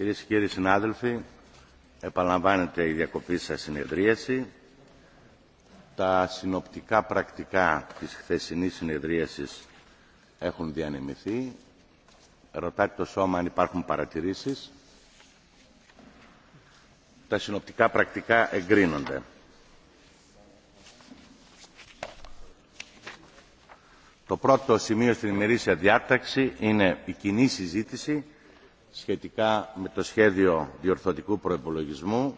Κυρίε και κύριοι συνάδελφοι, επαναλαμβάνεται η διακοπή σα συνεδρίαση. Τα συνοπτικά πρακτικά της χθεσινή συνεδρίασης έχουν διανεμηθεί. Ρωτάτε το σώμα αν υπάρχουν παρατηρήσεις. Τα συνοπτικά πρακτικά εγκρίνονται. Το πρώτο σημείο στην ημερήσια διάταξη είναι η κοινή συζήτηση σχετικά με το σχέδιο διορθωτικού προϋπολογισμού